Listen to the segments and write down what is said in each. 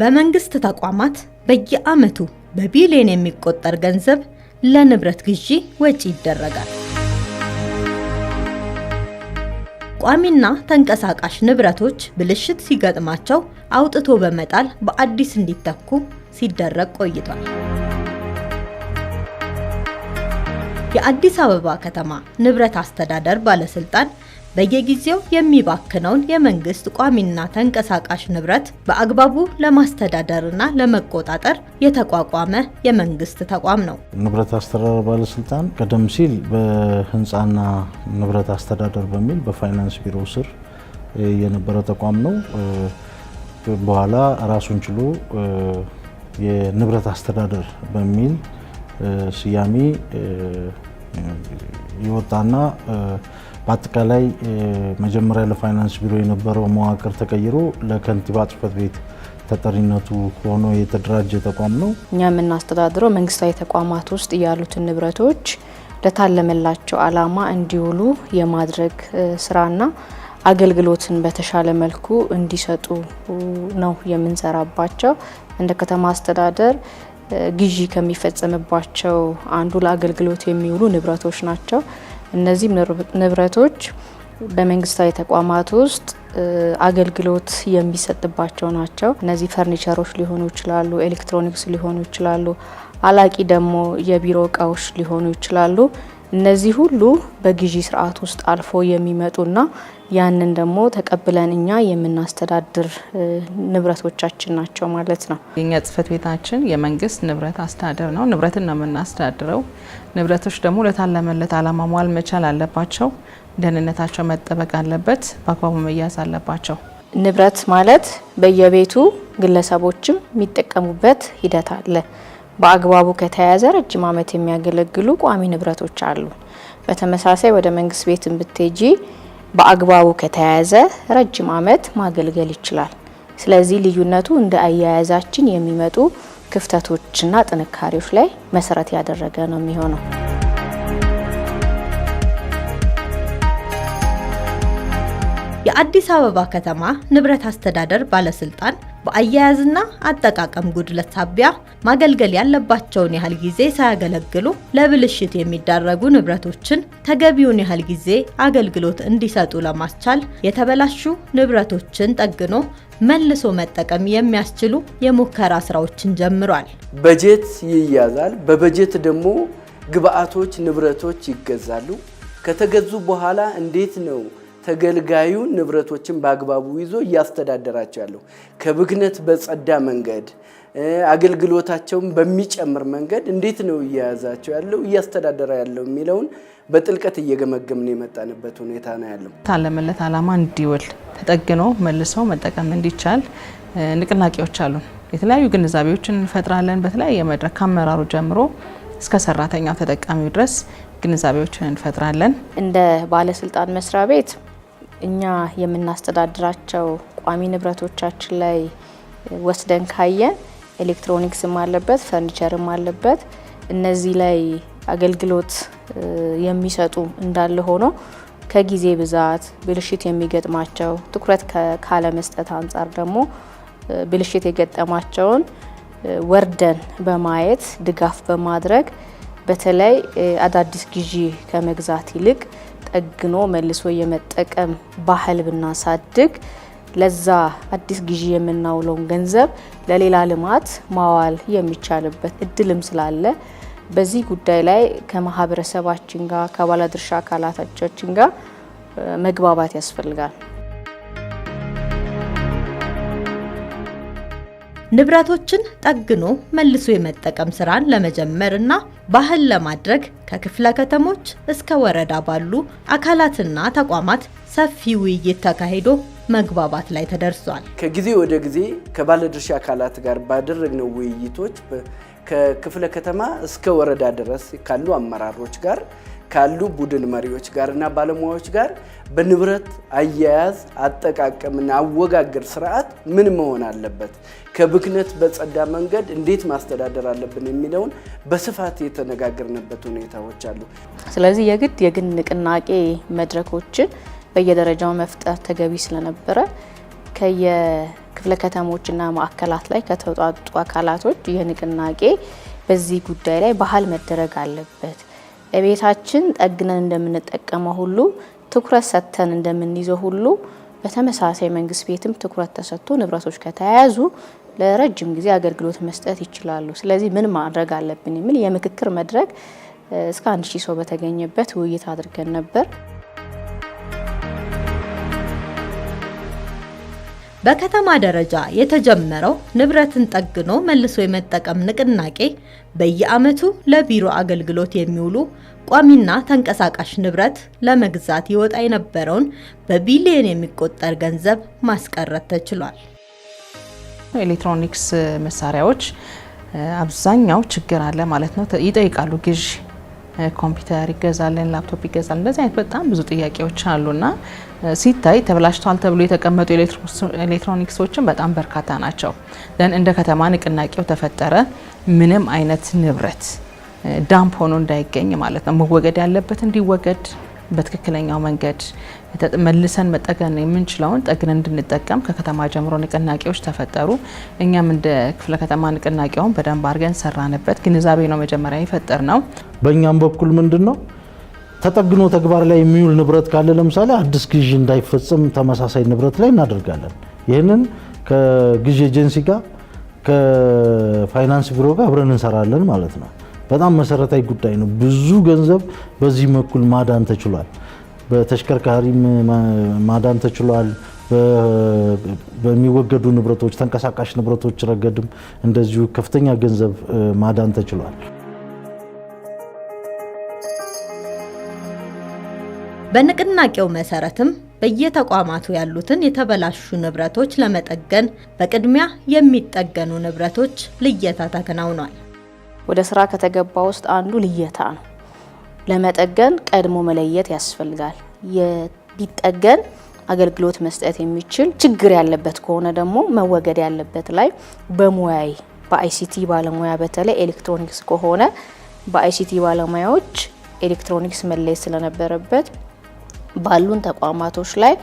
በመንግስት ተቋማት በየዓመቱ በቢሊዮን የሚቆጠር ገንዘብ ለንብረት ግዢ ወጪ ይደረጋል። ቋሚና ተንቀሳቃሽ ንብረቶች ብልሽት ሲገጥማቸው አውጥቶ በመጣል በአዲስ እንዲተኩ ሲደረግ ቆይቷል። የአዲስ አበባ ከተማ ንብረት አስተዳደር ባለስልጣን በየጊዜው የሚባክነውን የመንግስት ቋሚና ተንቀሳቃሽ ንብረት በአግባቡ ለማስተዳደርና ለመቆጣጠር የተቋቋመ የመንግስት ተቋም ነው። ንብረት አስተዳደር ባለስልጣን ቀደም ሲል በህንፃና ንብረት አስተዳደር በሚል በፋይናንስ ቢሮ ስር የነበረ ተቋም ነው። በኋላ ራሱን ችሎ የንብረት አስተዳደር በሚል ስያሜ የወጣና በአጠቃላይ መጀመሪያ ለፋይናንስ ቢሮ የነበረው መዋቅር ተቀይሮ ለከንቲባ ጽፈት ቤት ተጠሪነቱ ሆኖ የተደራጀ ተቋም ነው። እኛ የምናስተዳድረው መንግስታዊ ተቋማት ውስጥ ያሉትን ንብረቶች ለታለመላቸው አላማ እንዲውሉ የማድረግ ስራና አገልግሎትን በተሻለ መልኩ እንዲሰጡ ነው የምንሰራባቸው። እንደ ከተማ አስተዳደር ግዢ ከሚፈጸምባቸው አንዱ ለአገልግሎት የሚውሉ ንብረቶች ናቸው። እነዚህ ንብረቶች በመንግስታዊ ተቋማት ውስጥ አገልግሎት የሚሰጥባቸው ናቸው። እነዚህ ፈርኒቸሮች ሊሆኑ ይችላሉ፣ ኤሌክትሮኒክስ ሊሆኑ ይችላሉ፣ አላቂ ደግሞ የቢሮ እቃዎች ሊሆኑ ይችላሉ። እነዚህ ሁሉ በግዢ ስርዓት ውስጥ አልፎ የሚመጡና ያንን ደግሞ ተቀብለን እኛ የምናስተዳድር ንብረቶቻችን ናቸው ማለት ነው። የኛ ጽህፈት ቤታችን የመንግስት ንብረት አስተዳደር ነው። ንብረትን ነው የምናስተዳድረው። ንብረቶች ደግሞ ለታለመለት አላማ መዋል መቻል አለባቸው። ደህንነታቸው መጠበቅ አለበት። በአግባቡ መያዝ አለባቸው። ንብረት ማለት በየቤቱ ግለሰቦችም የሚጠቀሙበት ሂደት አለ። በአግባቡ ከተያዘ ረጅም ዓመት የሚያገለግሉ ቋሚ ንብረቶች አሉ። በተመሳሳይ ወደ መንግስት ቤት ብትጂ በአግባቡ ከተያዘ ረጅም ዓመት ማገልገል ይችላል። ስለዚህ ልዩነቱ እንደ አያያዛችን የሚመጡ ክፍተቶችና ጥንካሬዎች ላይ መሰረት ያደረገ ነው የሚሆነው። የአዲስ አበባ ከተማ ንብረት አስተዳደር ባለስልጣን በአያያዝና አጠቃቀም ጉድለት ሳቢያ ማገልገል ያለባቸውን ያህል ጊዜ ሳያገለግሉ ለብልሽት የሚዳረጉ ንብረቶችን ተገቢውን ያህል ጊዜ አገልግሎት እንዲሰጡ ለማስቻል የተበላሹ ንብረቶችን ጠግኖ መልሶ መጠቀም የሚያስችሉ የሙከራ ስራዎችን ጀምሯል። በጀት ይያዛል። በበጀት ደግሞ ግብአቶች፣ ንብረቶች ይገዛሉ። ከተገዙ በኋላ እንዴት ነው ተገልጋዩን ንብረቶችን በአግባቡ ይዞ እያስተዳደራቸው ያለው ከብክነት በጸዳ መንገድ አገልግሎታቸውን በሚጨምር መንገድ እንዴት ነው እየያዛቸው ያለው እያስተዳደረ ያለው የሚለውን በጥልቀት እየገመገምን የመጣንበት ሁኔታ ነው ያለው። ታለመለት ዓላማ እንዲውል ተጠግኖ መልሶ መጠቀም እንዲቻል ንቅናቄዎች አሉን። የተለያዩ ግንዛቤዎችን እንፈጥራለን። በተለያየ መድረክ ከአመራሩ ጀምሮ እስከ ሰራተኛው ተጠቃሚው ድረስ ግንዛቤዎችን እንፈጥራለን። እንደ ባለስልጣን መስሪያ ቤት እኛ የምናስተዳድራቸው ቋሚ ንብረቶቻችን ላይ ወስደን ካየን ኤሌክትሮኒክስም አለበት፣ ፈርኒቸርም አለበት። እነዚህ ላይ አገልግሎት የሚሰጡ እንዳለ ሆኖ ከጊዜ ብዛት ብልሽት የሚገጥማቸው ትኩረት ካለመስጠት አንጻር ደግሞ ብልሽት የገጠማቸውን ወርደን በማየት ድጋፍ በማድረግ በተለይ አዳዲስ ግዢ ከመግዛት ይልቅ ጠግኖ መልሶ የመጠቀም ባህል ብናሳድግ ለዛ አዲስ ግዢ የምናውለውን ገንዘብ ለሌላ ልማት ማዋል የሚቻልበት እድልም ስላለ በዚህ ጉዳይ ላይ ከማህበረሰባችን ጋር ከባለድርሻ አካላቶቻችን ጋር መግባባት ያስፈልጋል። ንብረቶችን ጠግኖ መልሶ የመጠቀም ስራን ለመጀመርና ባህል ለማድረግ ከክፍለ ከተሞች እስከ ወረዳ ባሉ አካላትና ተቋማት ሰፊ ውይይት ተካሂዶ መግባባት ላይ ተደርሷል። ከጊዜ ወደ ጊዜ ከባለድርሻ አካላት ጋር ባደረግነው ውይይቶች ከክፍለ ከተማ እስከ ወረዳ ድረስ ካሉ አመራሮች ጋር ካሉ ቡድን መሪዎች ጋር እና ባለሙያዎች ጋር በንብረት አያያዝ አጠቃቀምና አወጋገር ስርዓት ምን መሆን አለበት፣ ከብክነት በጸዳ መንገድ እንዴት ማስተዳደር አለብን የሚለውን በስፋት የተነጋገርንበት ሁኔታዎች አሉ። ስለዚህ የግድ የግን ንቅናቄ መድረኮችን በየደረጃው መፍጠር ተገቢ ስለነበረ ከየክፍለ ከተሞችና ማዕከላት ላይ ከተውጣጡ አካላቶች ይህ ንቅናቄ በዚህ ጉዳይ ላይ ባህል መደረግ አለበት እቤታችን ጠግነን እንደምንጠቀመው ሁሉ ትኩረት ሰጥተን እንደምንይዘው ሁሉ በተመሳሳይ መንግስት ቤትም ትኩረት ተሰጥቶ ንብረቶች ከተያያዙ ለረጅም ጊዜ አገልግሎት መስጠት ይችላሉ። ስለዚህ ምን ማድረግ አለብን የሚል የምክክር መድረክ እስከ አንድ ሺህ ሰው በተገኘበት ውይይት አድርገን ነበር። በከተማ ደረጃ የተጀመረው ንብረትን ጠግኖ መልሶ የመጠቀም ንቅናቄ በየዓመቱ ለቢሮ አገልግሎት የሚውሉ ቋሚና ተንቀሳቃሽ ንብረት ለመግዛት ይወጣ የነበረውን በቢሊየን የሚቆጠር ገንዘብ ማስቀረት ተችሏል። ኤሌክትሮኒክስ መሳሪያዎች አብዛኛው ችግር አለ ማለት ነው፣ ይጠይቃሉ ግዢ ኮምፒውተር ይገዛልን፣ ላፕቶፕ ይገዛልን። እንደዚህ አይነት በጣም ብዙ ጥያቄዎች አሉና ሲታይ ተብላሽቷል ተብሎ የተቀመጡ ኤሌክትሮኒክሶችን በጣም በርካታ ናቸው። ደን እንደ ከተማ ንቅናቄው ተፈጠረ። ምንም አይነት ንብረት ዳምፕ ሆኖ እንዳይገኝ ማለት ነው። መወገድ ያለበት እንዲወገድ በትክክለኛው መንገድ መልሰን መጠገን የምንችለውን ጠግን እንድንጠቀም ከከተማ ጀምሮ ንቅናቄዎች ተፈጠሩ። እኛም እንደ ክፍለ ከተማ ንቅናቄውን በደንብ አድርገን ሰራንበት። ግንዛቤ ነው መጀመሪያ የፈጠር ነው። በእኛም በኩል ምንድን ነው ተጠግኖ ተግባር ላይ የሚውል ንብረት ካለ ለምሳሌ አዲስ ግዢ እንዳይፈጽም ተመሳሳይ ንብረት ላይ እናደርጋለን። ይህንን ከግዢ ኤጀንሲ ጋር ከፋይናንስ ቢሮ ጋር አብረን እንሰራለን ማለት ነው። በጣም መሰረታዊ ጉዳይ ነው። ብዙ ገንዘብ በዚህ በኩል ማዳን ተችሏል። በተሽከርካሪ ማዳን ተችሏል። በሚወገዱ ንብረቶች፣ ተንቀሳቃሽ ንብረቶች ረገድም እንደዚሁ ከፍተኛ ገንዘብ ማዳን ተችሏል። በንቅናቄው መሰረትም በየተቋማቱ ያሉትን የተበላሹ ንብረቶች ለመጠገን በቅድሚያ የሚጠገኑ ንብረቶች ልየታ ተከናውኗል። ወደ ስራ ከተገባ ውስጥ አንዱ ልየታ ነው። ለመጠገን ቀድሞ መለየት ያስፈልጋል። ቢጠገን አገልግሎት መስጠት የሚችል ችግር ያለበት ከሆነ ደግሞ መወገድ ያለበት ላይ በሙያይ በአይሲቲ ባለሙያ በተለይ ኤሌክትሮኒክስ ከሆነ በአይሲቲ ባለሙያዎች ኤሌክትሮኒክስ መለየት ስለነበረበት ባሉን ተቋማቶች ላይ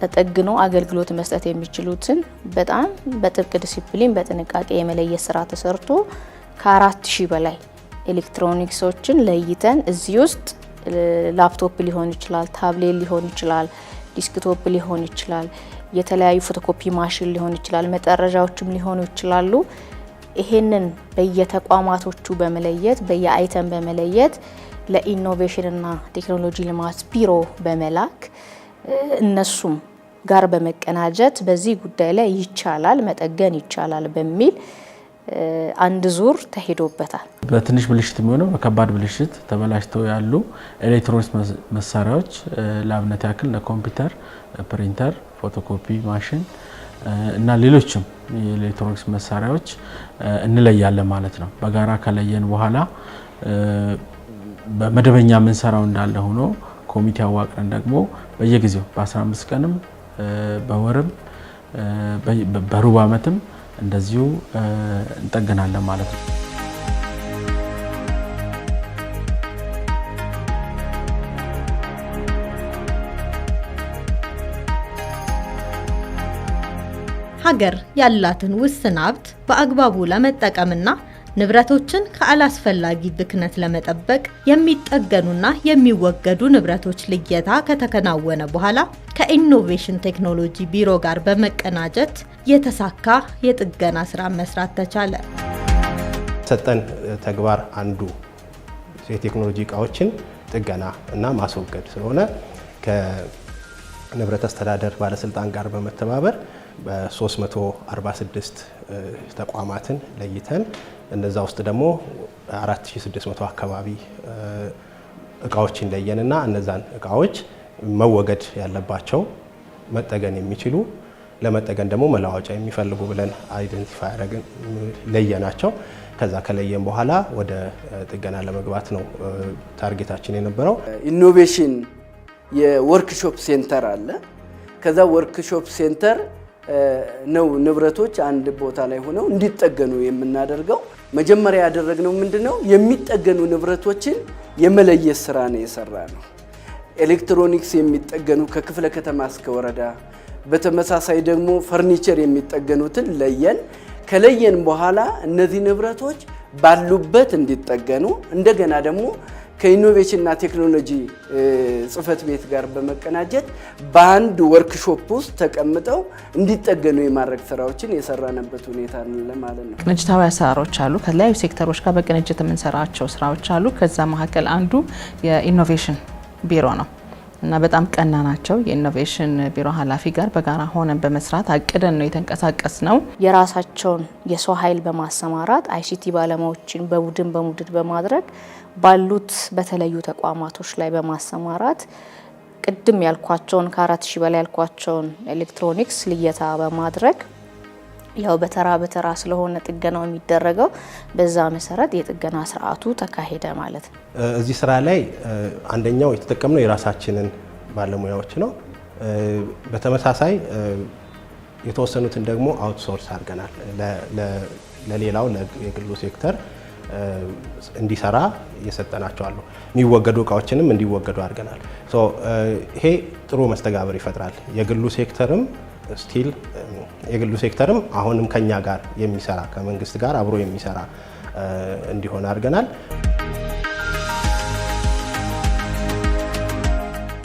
ተጠግኖ አገልግሎት መስጠት የሚችሉትን በጣም በጥብቅ ዲሲፕሊን በጥንቃቄ የመለየት ስራ ተሰርቶ ከአራት ሺህ በላይ ኤሌክትሮኒክሶችን ለይተን እዚህ ውስጥ ላፕቶፕ ሊሆን ይችላል፣ ታብሌት ሊሆን ይችላል፣ ዲስክቶፕ ሊሆን ይችላል፣ የተለያዩ ፎቶኮፒ ማሽን ሊሆን ይችላል፣ መጠረዣዎችም ሊሆኑ ይችላሉ። ይሄንን በየተቋማቶቹ በመለየት በየአይተም በመለየት ለኢኖቬሽንና ቴክኖሎጂ ልማት ቢሮ በመላክ እነሱም ጋር በመቀናጀት በዚህ ጉዳይ ላይ ይቻላል መጠገን ይቻላል በሚል አንድ ዙር ተሄዶበታል። በትንሽ ብልሽት የሚሆነው በከባድ ብልሽት ተበላሽተው ያሉ ኤሌክትሮኒክስ መሳሪያዎች ለአብነት ያክል ለኮምፒውተር ፕሪንተር፣ ፎቶኮፒ ማሽን እና ሌሎችም የኤሌክትሮኒክስ መሳሪያዎች እንለያለን ማለት ነው። በጋራ ከለየን በኋላ በመደበኛ የምንሰራው እንዳለ ሆኖ ኮሚቴ አዋቅረን ደግሞ በየጊዜው በ15 ቀንም በወርም በሩብ ዓመትም እንደዚሁ እንጠግናለን ማለት ነው። ሀገር ያላትን ውስን ሀብት በአግባቡ ለመጠቀምና ንብረቶችን ከአላስፈላጊ ብክነት ለመጠበቅ የሚጠገኑና የሚወገዱ ንብረቶች ልየታ ከተከናወነ በኋላ ከኢኖቬሽን ቴክኖሎጂ ቢሮ ጋር በመቀናጀት የተሳካ የጥገና ስራ መስራት ተቻለ። ሰጠን ተግባር አንዱ የቴክኖሎጂ እቃዎችን ጥገና እና ማስወገድ ስለሆነ ከንብረት አስተዳደር ባለስልጣን ጋር በመተባበር በ346 ተቋማትን ለይተን እነዛ ውስጥ ደግሞ 4600 አካባቢ እቃዎችን እና እነዛን እቃዎች መወገድ ያለባቸው መጠገን የሚችሉ ለመጠገን ደግሞ መለዋወጫ የሚፈልጉ ብለን አይደንቲፋይ አደረግን ለየናቸው። ከዛ ከለየን በኋላ ወደ ጥገና ለመግባት ነው ታርጌታችን የነበረው። ኢኖቬሽን የወርክሾፕ ሴንተር አለ። ከዛ ወርክሾፕ ሴንተር ነው ንብረቶች አንድ ቦታ ላይ ሆነው እንዲጠገኑ የምናደርገው። መጀመሪያ ያደረግነው ምንድን ነው? የሚጠገኑ ንብረቶችን የመለየት ስራ ነው የሰራ ነው። ኤሌክትሮኒክስ የሚጠገኑ ከክፍለ ከተማ እስከ ወረዳ፣ በተመሳሳይ ደግሞ ፈርኒቸር የሚጠገኑትን ለየን። ከለየን በኋላ እነዚህ ንብረቶች ባሉበት እንዲጠገኑ እንደገና ደግሞ ከኢኖቬሽንና ቴክኖሎጂ ጽህፈት ቤት ጋር በመቀናጀት በአንድ ወርክሾፕ ውስጥ ተቀምጠው እንዲጠገኑ የማድረግ ስራዎችን የሰራንበት ሁኔታ አለ ማለት ነው። ቅንጅታዊ አሰራሮች አሉ። ከተለያዩ ሴክተሮች ጋር በቅንጅት የምንሰራቸው ስራዎች አሉ። ከዛ መካከል አንዱ የኢኖቬሽን ቢሮ ነው። እና በጣም ቀና ናቸው። የኢኖቬሽን ቢሮ ኃላፊ ጋር በጋራ ሆነን በመስራት አቅደን ነው የተንቀሳቀስ ነው። የራሳቸውን የሰው ኃይል በማሰማራት አይሲቲ ባለሙያዎችን በቡድን በሙድድ በማድረግ ባሉት በተለዩ ተቋማቶች ላይ በማሰማራት ቅድም ያልኳቸውን ከአራት ሺህ በላይ ያልኳቸውን ኤሌክትሮኒክስ ልየታ በማድረግ ያው በተራ በተራ ስለሆነ ጥገናው የሚደረገው በዛ መሰረት የጥገና ስርዓቱ ተካሄደ ማለት ነው። እዚህ ስራ ላይ አንደኛው የተጠቀምነው የራሳችንን ባለሙያዎች ነው። በተመሳሳይ የተወሰኑትን ደግሞ አውትሶርስ አድርገናል። ለሌላው የግሉ ሴክተር እንዲሰራ እየሰጠናቸዋሉ። የሚወገዱ እቃዎችንም እንዲወገዱ አድርገናል። ይሄ ጥሩ መስተጋብር ይፈጥራል። የግሉ ሴክተርም ስቲል የግሉ ሴክተርም አሁንም ከኛ ጋር የሚሰራ ከመንግስት ጋር አብሮ የሚሰራ እንዲሆን አድርገናል።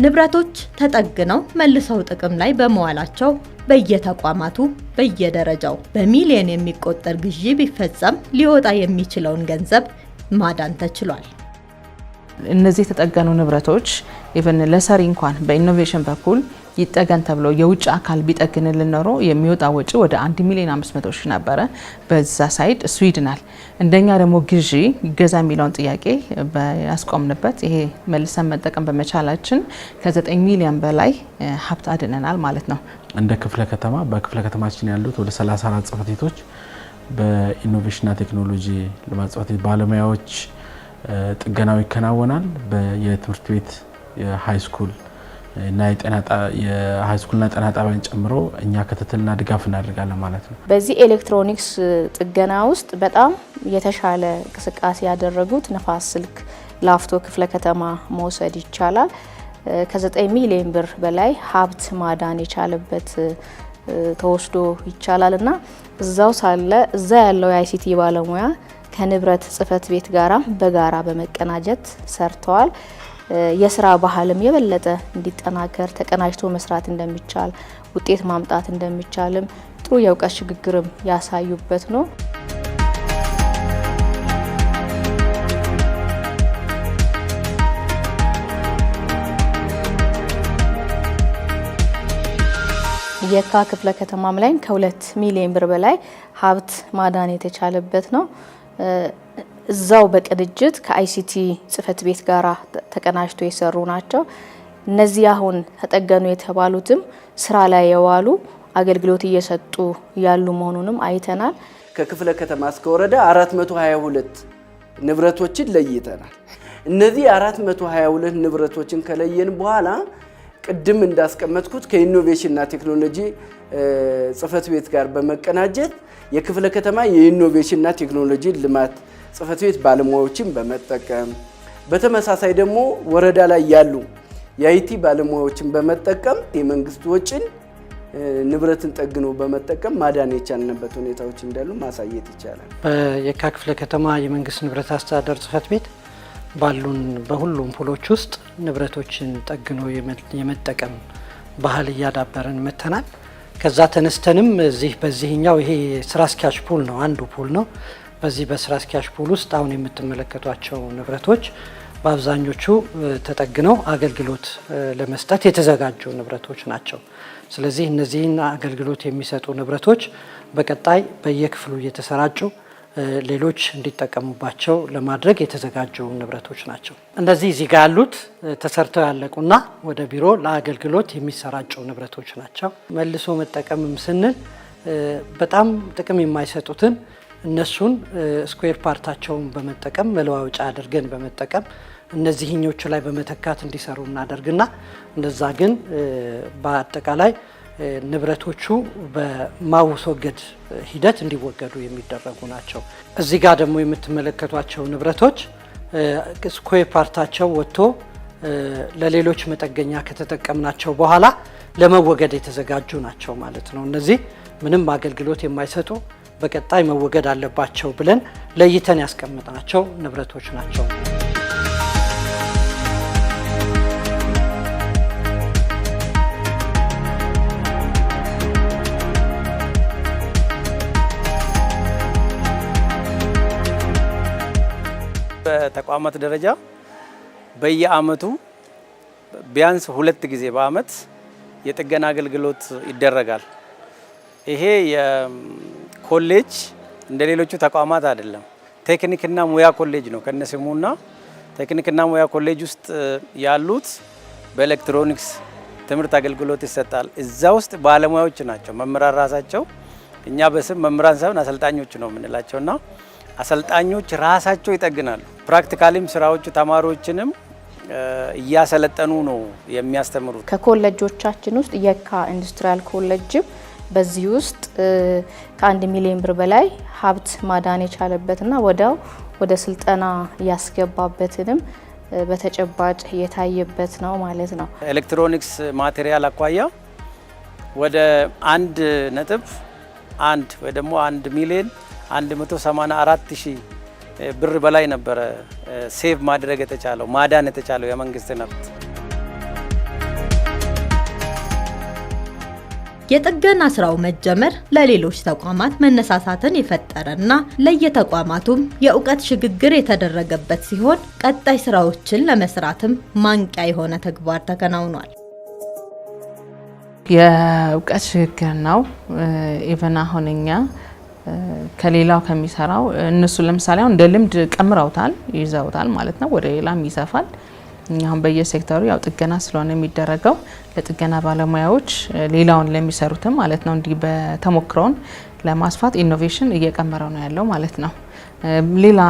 ንብረቶች ተጠግነው መልሰው ጥቅም ላይ በመዋላቸው በየተቋማቱ በየደረጃው በሚሊዮን የሚቆጠር ግዢ ቢፈጸም ሊወጣ የሚችለውን ገንዘብ ማዳን ተችሏል። እነዚህ የተጠገኑ ንብረቶች ኢቨን ለሰሪ እንኳን በኢኖቬሽን በኩል ይጠገን ተብሎ የውጭ አካል ቢጠግንልን ኖሮ የሚወጣ ወጪ ወደ 1 ሚሊዮን 500 ሺህ ነበረ። በዛ ሳይድ እሱ ይድናል። እንደኛ ደግሞ ግዢ ይገዛ የሚለውን ጥያቄ ያስቆምንበት ይሄ መልሰን መጠቀም በመቻላችን ከ9 ሚሊዮን በላይ ሀብት አድነናል ማለት ነው። እንደ ክፍለ ከተማ በክፍለ ከተማችን ያሉት ወደ 34 ጽህፈት ቤቶች በኢኖቬሽንና ቴክኖሎጂ ልማት ጽህፈት ቤት ባለሙያዎች ጥገናው ይከናወናል። የትምህርት ቤት የሃይ ስኩል እና የሀይስኩልና ጤና ጣቢያን ጨምሮ እኛ ክትትልና ድጋፍ እናደርጋለን ማለት ነው። በዚህ ኤሌክትሮኒክስ ጥገና ውስጥ በጣም የተሻለ እንቅስቃሴ ያደረጉት ንፋስ ስልክ ላፍቶ ክፍለ ከተማ መውሰድ ይቻላል። ከ9 ሚሊዮን ብር በላይ ሀብት ማዳን የቻለበት ተወስዶ ይቻላል እና እዛው ሳለ እዛ ያለው የአይሲቲ ባለሙያ ከንብረት ጽህፈት ቤት ጋራ በጋራ በመቀናጀት ሰርተዋል። የስራ ባህልም የበለጠ እንዲጠናከር ተቀናጅቶ መስራት እንደሚቻል ውጤት ማምጣት እንደሚቻልም ጥሩ የእውቀት ሽግግርም ያሳዩበት ነው። የካ ክፍለ ከተማም ላይ ከሁለት ሚሊዮን ብር በላይ ሀብት ማዳን የተቻለበት ነው። እዛው በቅንጅት ከአይሲቲ ጽህፈት ቤት ጋር ተቀናጅቶ የሰሩ ናቸው። እነዚህ አሁን ተጠገኑ የተባሉትም ስራ ላይ የዋሉ አገልግሎት እየሰጡ ያሉ መሆኑንም አይተናል። ከክፍለ ከተማ እስከ ወረዳ 422 ንብረቶችን ለይተናል። እነዚህ 422 ንብረቶችን ከለየን በኋላ ቅድም እንዳስቀመጥኩት ከኢኖቬሽንና ቴክኖሎጂ ጽህፈት ቤት ጋር በመቀናጀት የክፍለ ከተማ የኢኖቬሽንና ቴክኖሎጂ ልማት ጽህፈት ቤት ባለሙያዎችን በመጠቀም በተመሳሳይ ደግሞ ወረዳ ላይ ያሉ የአይቲ ባለሙያዎችን በመጠቀም የመንግስት ወጪን ንብረትን ጠግኖ በመጠቀም ማዳን የቻልንበት ሁኔታዎች እንዳሉ ማሳየት ይቻላል። በየካ ክፍለ ከተማ የመንግስት ንብረት አስተዳደር ጽህፈት ቤት ባሉን በሁሉም ፖሎች ውስጥ ንብረቶችን ጠግኖ የመጠቀም ባህል እያዳበርን መተናል። ከዛ ተነስተንም እዚህ በዚህኛው ይሄ ስራ አስኪያጅ ፑል ነው አንዱ ፑል ነው። በዚህ በስራ አስኪያጅ ፑል ውስጥ አሁን የምትመለከቷቸው ንብረቶች በአብዛኞቹ ተጠግነው አገልግሎት ለመስጠት የተዘጋጁ ንብረቶች ናቸው። ስለዚህ እነዚህን አገልግሎት የሚሰጡ ንብረቶች በቀጣይ በየክፍሉ እየተሰራጩ ሌሎች እንዲጠቀሙባቸው ለማድረግ የተዘጋጁ ንብረቶች ናቸው። እነዚህ እዚህ ጋር ያሉት ተሰርተው ያለቁና ወደ ቢሮ ለአገልግሎት የሚሰራጩ ንብረቶች ናቸው። መልሶ መጠቀምም ስንል በጣም ጥቅም የማይሰጡትን እነሱን ስኩዌር ፓርታቸውን በመጠቀም መለዋወጫ አድርገን በመጠቀም እነዚህኞቹ ላይ በመተካት እንዲሰሩ እናደርግና እነዛ ግን በአጠቃላይ ንብረቶቹ በማስወገድ ሂደት እንዲወገዱ የሚደረጉ ናቸው። እዚህ ጋር ደግሞ የምትመለከቷቸው ንብረቶች ስኩዌር ፓርታቸው ወጥቶ ለሌሎች መጠገኛ ከተጠቀምናቸው በኋላ ለመወገድ የተዘጋጁ ናቸው ማለት ነው። እነዚህ ምንም አገልግሎት የማይሰጡ በቀጣይ መወገድ አለባቸው ብለን ለይተን ያስቀምጥናቸው ንብረቶች ናቸው። በተቋማት ደረጃ በየአመቱ ቢያንስ ሁለት ጊዜ በአመት የጥገና አገልግሎት ይደረጋል። ይሄ ኮሌጅ እንደ ሌሎቹ ተቋማት አይደለም። ቴክኒክና ሙያ ኮሌጅ ነው ከነስሙና ቴክኒክና ሙያ ኮሌጅ ውስጥ ያሉት በኤሌክትሮኒክስ ትምህርት አገልግሎት ይሰጣል። እዛ ውስጥ ባለሙያዎች ናቸው መምህራን ራሳቸው። እኛ በስም መምህራን ሳይሆን አሰልጣኞች ነው የምንላቸውና አሰልጣኞች ራሳቸው ይጠግናሉ። ፕራክቲካሊም ስራዎቹ ተማሪዎችንም እያሰለጠኑ ነው የሚያስተምሩት። ከኮሌጆቻችን ውስጥ የካ ኢንዱስትሪያል ኮሌጅም በዚህ ውስጥ ከአንድ ሚሊዮን ብር በላይ ሀብት ማዳን የቻለበትና ወዲያው ወደ ስልጠና ያስገባበትንም በተጨባጭ የታየበት ነው ማለት ነው። ኤሌክትሮኒክስ ማቴሪያል አኳያ ወደ አንድ ነጥብ አንድ ወይ ደግሞ አንድ ሚሊዮን 184 ሺህ ብር በላይ ነበረ ሴቭ ማድረግ የተቻለው ማዳን የተቻለው የመንግስት ነብት የጥገና ስራው መጀመር ለሌሎች ተቋማት መነሳሳትን የፈጠረና ለየተቋማቱም የእውቀት ሽግግር የተደረገበት ሲሆን ቀጣይ ስራዎችን ለመስራትም ማንቂያ የሆነ ተግባር ተከናውኗል። የእውቀት ሽግግር ነው። ኢቨን አሁን እኛ ከሌላው ከሚሰራው እነሱ ለምሳሌ አሁን እንደ ልምድ ቀምረውታል ይዘውታል ማለት ነው። ወደ ሌላም ይሰፋል። አሁን በየሴክተሩ ያው ጥገና ስለሆነ የሚደረገው ለጥገና ባለሙያዎች ሌላውን ለሚሰሩትም ማለት ነው እንዲህ በተሞክሮውን ለማስፋት ኢኖቬሽን እየቀመረው ነው ያለው ማለት ነው። ሌላ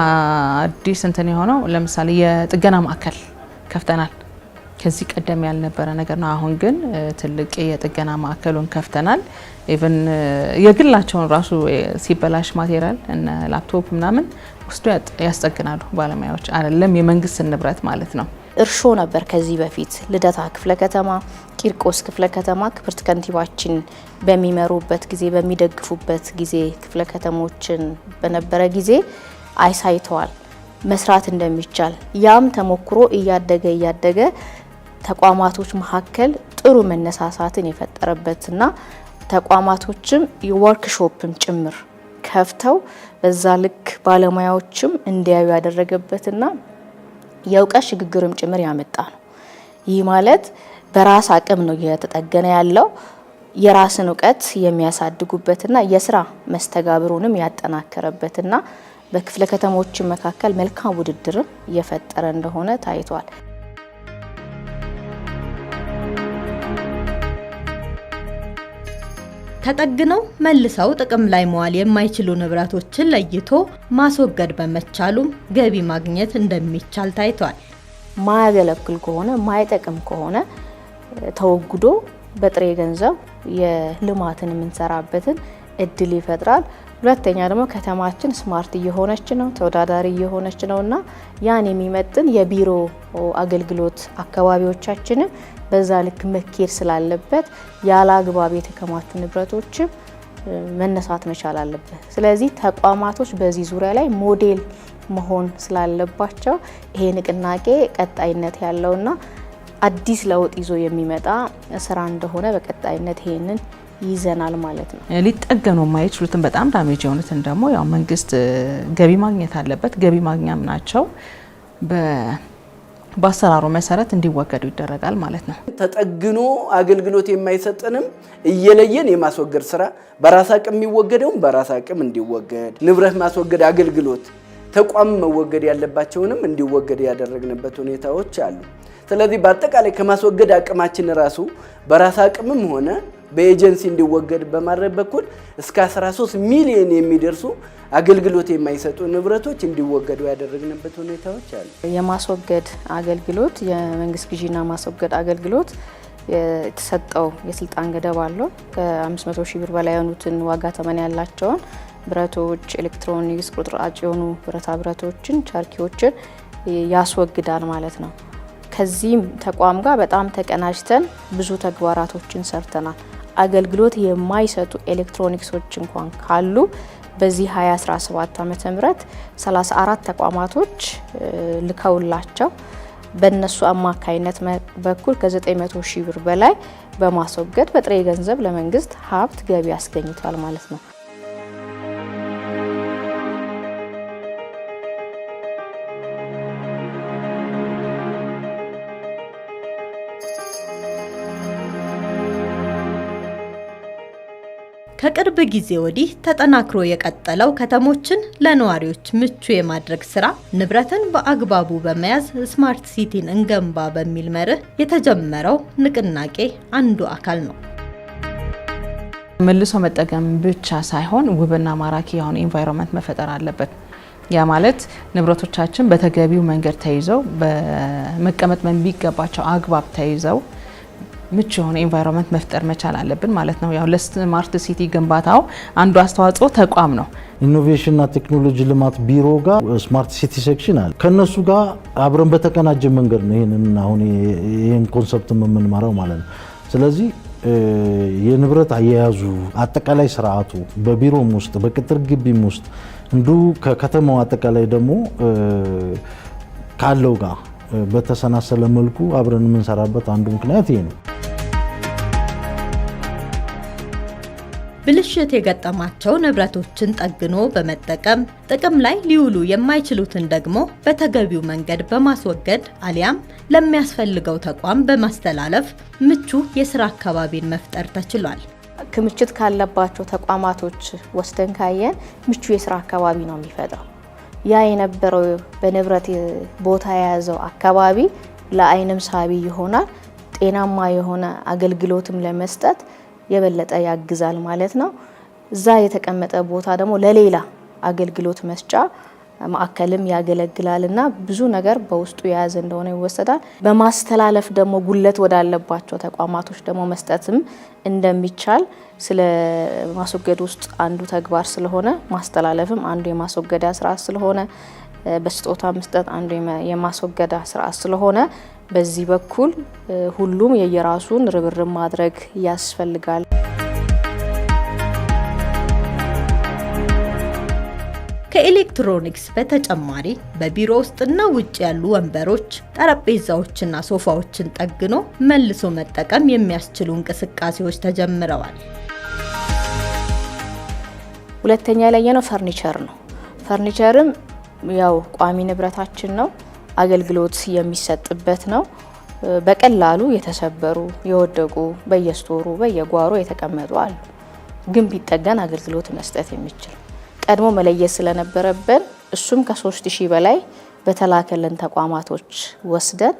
አዲስ እንትን የሆነው ለምሳሌ የጥገና ማዕከል ከፍተናል። ከዚህ ቀደም ያልነበረ ነገር ነው። አሁን ግን ትልቅ የጥገና ማዕከሉን ከፍተናል። ኢቨን የግላቸውን ራሱ ሲበላሽ ማቴሪያል እነ ላፕቶፕ ምናምን ወስዶ ያስጠግናሉ ባለሙያዎች፣ አይደለም የመንግስት ንብረት ማለት ነው። እርሾ ነበር ከዚህ በፊት ልደታ ክፍለ ከተማ፣ ቂርቆስ ክፍለ ከተማ ክብርት ከንቲባችን በሚመሩበት ጊዜ በሚደግፉበት ጊዜ ክፍለ ከተሞችን በነበረ ጊዜ አይሳይተዋል መስራት እንደሚቻል ያም ተሞክሮ እያደገ እያደገ ተቋማቶች መካከል ጥሩ መነሳሳትን የፈጠረበትና ተቋማቶችም የወርክሾፕም ጭምር ከፍተው በዛ ልክ ባለሙያዎችም እንዲያዩ ያደረገበትና የእውቀት ሽግግርም ጭምር ያመጣ ነው። ይህ ማለት በራስ አቅም ነው እየተጠገነ ያለው። የራስን እውቀት የሚያሳድጉበትና የስራ መስተጋብሩንም ያጠናከረበትና በክፍለ ከተሞች መካከል መልካም ውድድርም እየፈጠረ እንደሆነ ታይቷል። ተጠግነው መልሰው ጥቅም ላይ መዋል የማይችሉ ንብረቶችን ለይቶ ማስወገድ በመቻሉም ገቢ ማግኘት እንደሚቻል ታይቷል። ማያገለግል ከሆነ ማይጠቅም ከሆነ ተወግዶ በጥሬ ገንዘብ የልማትን የምንሰራበትን እድል ይፈጥራል። ሁለተኛ ደግሞ ከተማችን ስማርት እየሆነች ነው፣ ተወዳዳሪ እየሆነች ነው እና ያን የሚመጥን የቢሮ አገልግሎት አካባቢዎቻችንም በዛ ልክ መኬድ ስላለበት ያለ አግባብ የተከማቹ ንብረቶችም መነሳት መቻል አለበት። ስለዚህ ተቋማቶች በዚህ ዙሪያ ላይ ሞዴል መሆን ስላለባቸው ይሄ ንቅናቄ ቀጣይነት ያለውና አዲስ ለውጥ ይዞ የሚመጣ ስራ እንደሆነ በቀጣይነት ይሄንን ይዘናል ማለት ነው። ሊጠገኑ የማይችሉትን በጣም ዳሜጅ የሆኑትን ደግሞ ያው መንግስት ገቢ ማግኘት አለበት። ገቢ ማግኛም ናቸው። በአሰራሩ መሰረት እንዲወገዱ ይደረጋል ማለት ነው። ተጠግኖ አገልግሎት የማይሰጥንም እየለየን የማስወገድ ስራ በራስ አቅም የሚወገደውም በራስ አቅም እንዲወገድ፣ ንብረት ማስወገድ አገልግሎት ተቋም መወገድ ያለባቸውንም እንዲወገድ ያደረግንበት ሁኔታዎች አሉ። ስለዚህ በአጠቃላይ ከማስወገድ አቅማችን ራሱ በራስ አቅምም ሆነ በኤጀንሲ እንዲወገድ በማድረግ በኩል እስከ 13 ሚሊዮን የሚደርሱ አገልግሎት የማይሰጡ ንብረቶች እንዲወገዱ ያደረግንበት ሁኔታዎች አሉ። የማስወገድ አገልግሎት የመንግስት ግዢና ማስወገድ አገልግሎት የተሰጠው የስልጣን ገደብ አለው። ከ500 ሺህ ብር በላይ የሆኑትን ዋጋ ተመን ያላቸውን ብረቶች፣ ኤሌክትሮኒክስ ቁርጥራጭ የሆኑ ብረታ ብረቶችን፣ ቸርኪዎችን ያስወግዳል ማለት ነው። ከዚህም ተቋም ጋር በጣም ተቀናጅተን ብዙ ተግባራቶችን ሰርተናል። አገልግሎት የማይሰጡ ኤሌክትሮኒክሶች እንኳን ካሉ በዚህ 2017 ዓ ም 34 ተቋማቶች ልከውላቸው በእነሱ አማካይነት በኩል ከ900 ሺህ ብር በላይ በማስወገድ በጥሬ ገንዘብ ለመንግስት ሀብት ገቢ አስገኝቷል ማለት ነው። ከቅርብ ጊዜ ወዲህ ተጠናክሮ የቀጠለው ከተሞችን ለነዋሪዎች ምቹ የማድረግ ስራ ንብረትን በአግባቡ በመያዝ ስማርት ሲቲን እንገንባ በሚል መርህ የተጀመረው ንቅናቄ አንዱ አካል ነው። መልሶ መጠቀም ብቻ ሳይሆን ውብና ማራኪ የሆነ ኢንቫይሮንመንት መፈጠር አለበት። ያ ማለት ንብረቶቻችን በተገቢው መንገድ ተይዘው በመቀመጥ በሚገባቸው አግባብ ተይዘው ምቹ የሆነ ኤንቫይሮንመንት መፍጠር መቻል አለብን ማለት ነው። ያው ለስማርት ሲቲ ግንባታው አንዱ አስተዋጽኦ ተቋም ነው። ኢኖቬሽንና ቴክኖሎጂ ልማት ቢሮ ጋር ስማርት ሲቲ ሴክሽን አለ። ከእነሱ ጋር አብረን በተቀናጀ መንገድ ነው ይህንን አሁን ይህን ኮንሰፕት የምንመራው ማለት ነው። ስለዚህ የንብረት አያያዙ አጠቃላይ ስርዓቱ በቢሮም ውስጥ በቅጥር ግቢም ውስጥ እንዲሁ ከከተማው አጠቃላይ ደግሞ ካለው ጋር በተሰናሰለ መልኩ አብረን የምንሰራበት አንዱ ምክንያት ይሄ ነው። ብልሽት የገጠማቸው ንብረቶችን ጠግኖ በመጠቀም ጥቅም ላይ ሊውሉ የማይችሉትን ደግሞ በተገቢው መንገድ በማስወገድ አሊያም ለሚያስፈልገው ተቋም በማስተላለፍ ምቹ የስራ አካባቢን መፍጠር ተችሏል። ክምችት ካለባቸው ተቋማቶች ወስደን ካየን ምቹ የስራ አካባቢ ነው የሚፈጥረው። ያ የነበረው በንብረት ቦታ የያዘው አካባቢ ለአይንም ሳቢ ይሆናል። ጤናማ የሆነ አገልግሎትም ለመስጠት የበለጠ ያግዛል ማለት ነው። እዛ የተቀመጠ ቦታ ደግሞ ለሌላ አገልግሎት መስጫ ማዕከልም ያገለግላል እና ብዙ ነገር በውስጡ የያዘ እንደሆነ ይወሰዳል። በማስተላለፍ ደግሞ ጉለት ወዳለባቸው ተቋማቶች ደግሞ መስጠትም እንደሚቻል ስለ ማስወገድ ውስጥ አንዱ ተግባር ስለሆነ ማስተላለፍም አንዱ የማስወገዳ ስርዓት ስለሆነ በስጦታ መስጠት አንዱ የማስወገዳ ስርዓት ስለሆነ በዚህ በኩል ሁሉም የየራሱን ርብርብ ማድረግ ያስፈልጋል። ከኤሌክትሮኒክስ በተጨማሪ በቢሮ ውስጥና ውጭ ያሉ ወንበሮች፣ ጠረጴዛዎችና ሶፋዎችን ጠግኖ መልሶ መጠቀም የሚያስችሉ እንቅስቃሴዎች ተጀምረዋል። ሁለተኛ ላይ ያለው ፈርኒቸር ነው። ፈርኒቸርም ያው ቋሚ ንብረታችን ነው። አገልግሎት የሚሰጥበት ነው። በቀላሉ የተሰበሩ የወደቁ በየስቶሩ በየጓሮ የተቀመጡ አሉ። ግን ቢጠገን አገልግሎት መስጠት የሚችል ቀድሞ መለየት ስለነበረብን እሱም ከሶስት ሺህ በላይ በተላከልን ተቋማቶች ወስደን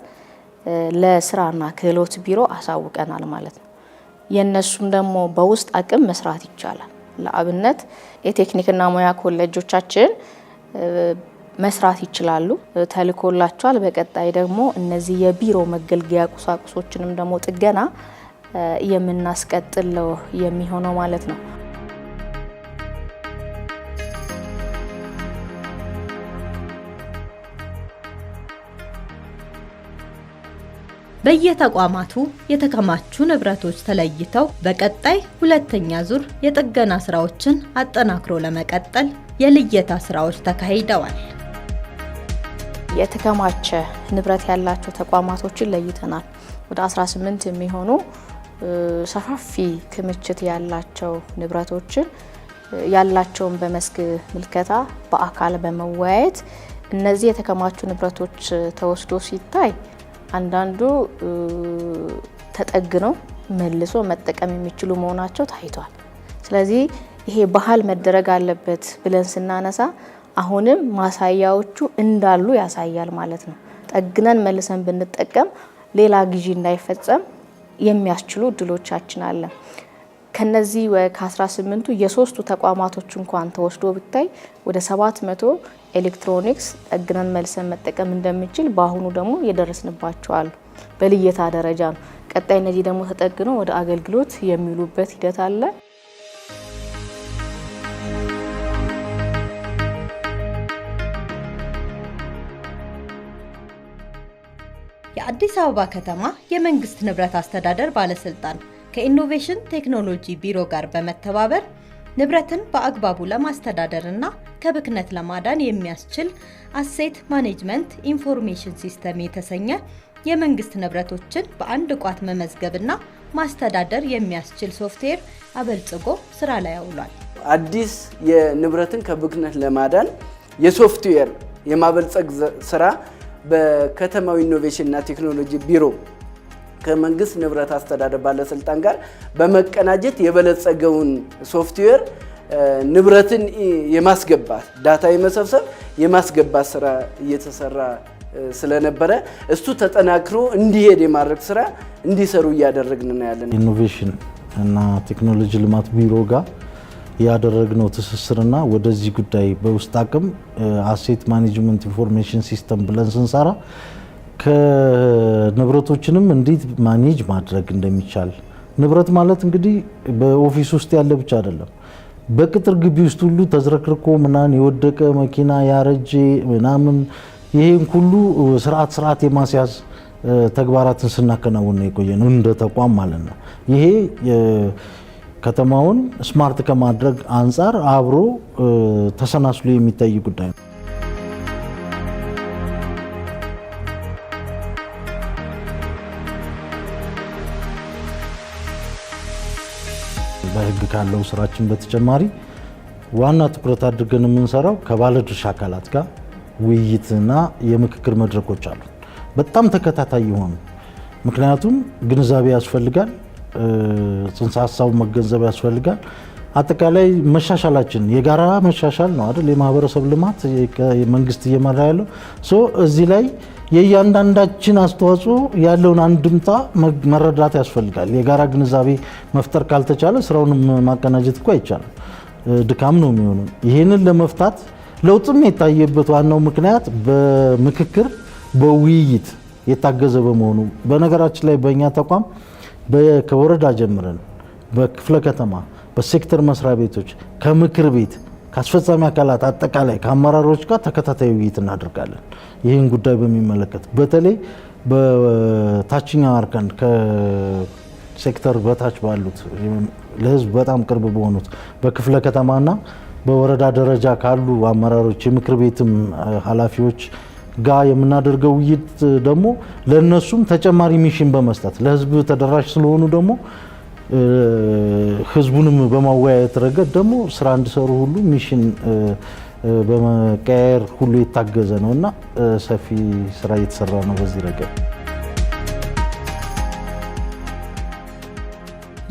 ለስራና ክህሎት ቢሮ አሳውቀናል ማለት ነው። የእነሱም ደግሞ በውስጥ አቅም መስራት ይቻላል። ለአብነት የቴክኒክና ሙያ ኮሌጆቻችን መስራት ይችላሉ። ተልኮላቸዋል። በቀጣይ ደግሞ እነዚህ የቢሮ መገልገያ ቁሳቁሶችንም ደግሞ ጥገና የምናስቀጥለው የሚሆነው ማለት ነው። በየተቋማቱ የተከማቹ ንብረቶች ተለይተው በቀጣይ ሁለተኛ ዙር የጥገና ስራዎችን አጠናክሮ ለመቀጠል የልየታ ስራዎች ተካሂደዋል። የተከማቸ ንብረት ያላቸው ተቋማቶችን ለይተናል። ወደ 18 የሚሆኑ ሰፋፊ ክምችት ያላቸው ንብረቶችን ያላቸውን በመስክ ምልከታ በአካል በመወያየት እነዚህ የተከማቹ ንብረቶች ተወስዶ ሲታይ አንዳንዱ ተጠግነው መልሶ መጠቀም የሚችሉ መሆናቸው ታይቷል። ስለዚህ ይሄ ባህል መደረግ አለበት ብለን ስናነሳ አሁንም ማሳያዎቹ እንዳሉ ያሳያል ማለት ነው። ጠግነን መልሰን ብንጠቀም ሌላ ግዢ እንዳይፈጸም የሚያስችሉ እድሎቻችን አለ። ከነዚህ ከ18ቱ የሶስቱ ተቋማቶች እንኳን ተወስዶ ብታይ ወደ 700 ኤሌክትሮኒክስ ጠግነን መልሰን መጠቀም እንደምንችል በአሁኑ ደግሞ የደረስንባቸው አሉ። በልየታ ደረጃ ነው። ቀጣይ እነዚህ ደግሞ ተጠግነው ወደ አገልግሎት የሚውሉበት ሂደት አለ። የአዲስ አበባ ከተማ የመንግስት ንብረት አስተዳደር ባለስልጣን ከኢኖቬሽን ቴክኖሎጂ ቢሮ ጋር በመተባበር ንብረትን በአግባቡ ለማስተዳደር እና ከብክነት ለማዳን የሚያስችል አሴት ማኔጅመንት ኢንፎርሜሽን ሲስተም የተሰኘ የመንግስት ንብረቶችን በአንድ ቋት መመዝገብና ማስተዳደር የሚያስችል ሶፍትዌር አበልጽጎ ስራ ላይ አውሏል። አዲስ የንብረትን ከብክነት ለማዳን የሶፍትዌር የማበልጸግ ስራ በከተማዊ ኢኖቬሽንና ቴክኖሎጂ ቢሮ ከመንግስት ንብረት አስተዳደር ባለስልጣን ጋር በመቀናጀት የበለጸገውን ሶፍትዌር ንብረትን የማስገባት ዳታ የመሰብሰብ የማስገባት ስራ እየተሰራ ስለነበረ እሱ ተጠናክሮ እንዲሄድ የማድረግ ስራ እንዲሰሩ እያደረግን ነው ያለን። ኢኖቬሽን እና ቴክኖሎጂ ልማት ቢሮ ጋር ያደረግነው ትስስርና ወደዚህ ጉዳይ በውስጥ አቅም አሴት ማኔጅመንት ኢንፎርሜሽን ሲስተም ብለን ስንሰራ ከንብረቶችንም እንዴት ማኔጅ ማድረግ እንደሚቻል ንብረት ማለት እንግዲህ በኦፊስ ውስጥ ያለ ብቻ አይደለም። በቅጥር ግቢ ውስጥ ሁሉ ተዝረክርኮ ምናን የወደቀ መኪና ያረጀ ምናምን ይሄን ሁሉ ስርዓት ስርዓት የማስያዝ ተግባራትን ስናከናውን የቆየ ነው እንደ ተቋም ማለት ነው ይሄ ከተማውን ስማርት ከማድረግ አንጻር አብሮ ተሰናስሎ የሚታይ ጉዳይ ነው። በህግ ካለው ስራችን በተጨማሪ ዋና ትኩረት አድርገን የምንሰራው ከባለድርሻ አካላት ጋር ውይይትና የምክክር መድረኮች አሉ። በጣም ተከታታይ የሆኑ ምክንያቱም ግንዛቤ ያስፈልጋል። ጽንሰ ሀሳቡ መገንዘብ ያስፈልጋል። አጠቃላይ መሻሻላችን የጋራ መሻሻል ነው አይደል? የማህበረሰብ ልማት መንግስት እየመራ ያለው እዚህ ላይ የእያንዳንዳችን አስተዋጽኦ ያለውን አንድምታ መረዳት ያስፈልጋል። የጋራ ግንዛቤ መፍጠር ካልተቻለ ስራውን ማቀናጀት እኮ አይቻልም፣ ድካም ነው የሚሆነው። ይህንን ለመፍታት ለውጥም የታየበት ዋናው ምክንያት በምክክር በውይይት የታገዘ በመሆኑ በነገራችን ላይ በእኛ ተቋም ከወረዳ ጀምረን በክፍለ ከተማ፣ በሴክተር መስሪያ ቤቶች፣ ከምክር ቤት፣ ከአስፈጻሚ አካላት አጠቃላይ ከአመራሮች ጋር ተከታታይ ውይይት እናደርጋለን። ይህን ጉዳይ በሚመለከት በተለይ በታችኛ አርከን ከሴክተር በታች ባሉት ለህዝብ በጣም ቅርብ በሆኑት በክፍለ ከተማና በወረዳ ደረጃ ካሉ አመራሮች የምክር ቤትም ኃላፊዎች ጋ የምናደርገው ውይይት ደግሞ ለእነሱም ተጨማሪ ሚሽን በመስጠት ለህዝብ ተደራሽ ስለሆኑ ደግሞ ህዝቡንም በማወያየት ረገድ ደግሞ ስራ እንዲሰሩ ሁሉ ሚሽን በመቀያየር ሁሉ የታገዘ ነው እና ሰፊ ስራ እየተሰራ ነው በዚህ ረገድ።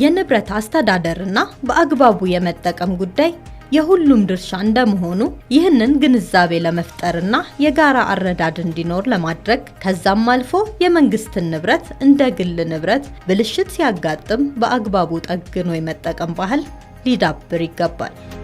የንብረት አስተዳደርና በአግባቡ የመጠቀም ጉዳይ የሁሉም ድርሻ እንደመሆኑ ይህንን ግንዛቤ ለመፍጠርና የጋራ አረዳድ እንዲኖር ለማድረግ ከዛም አልፎ የመንግስትን ንብረት እንደ ግል ንብረት ብልሽት ሲያጋጥም በአግባቡ ጠግኖ የመጠቀም ባህል ሊዳብር ይገባል።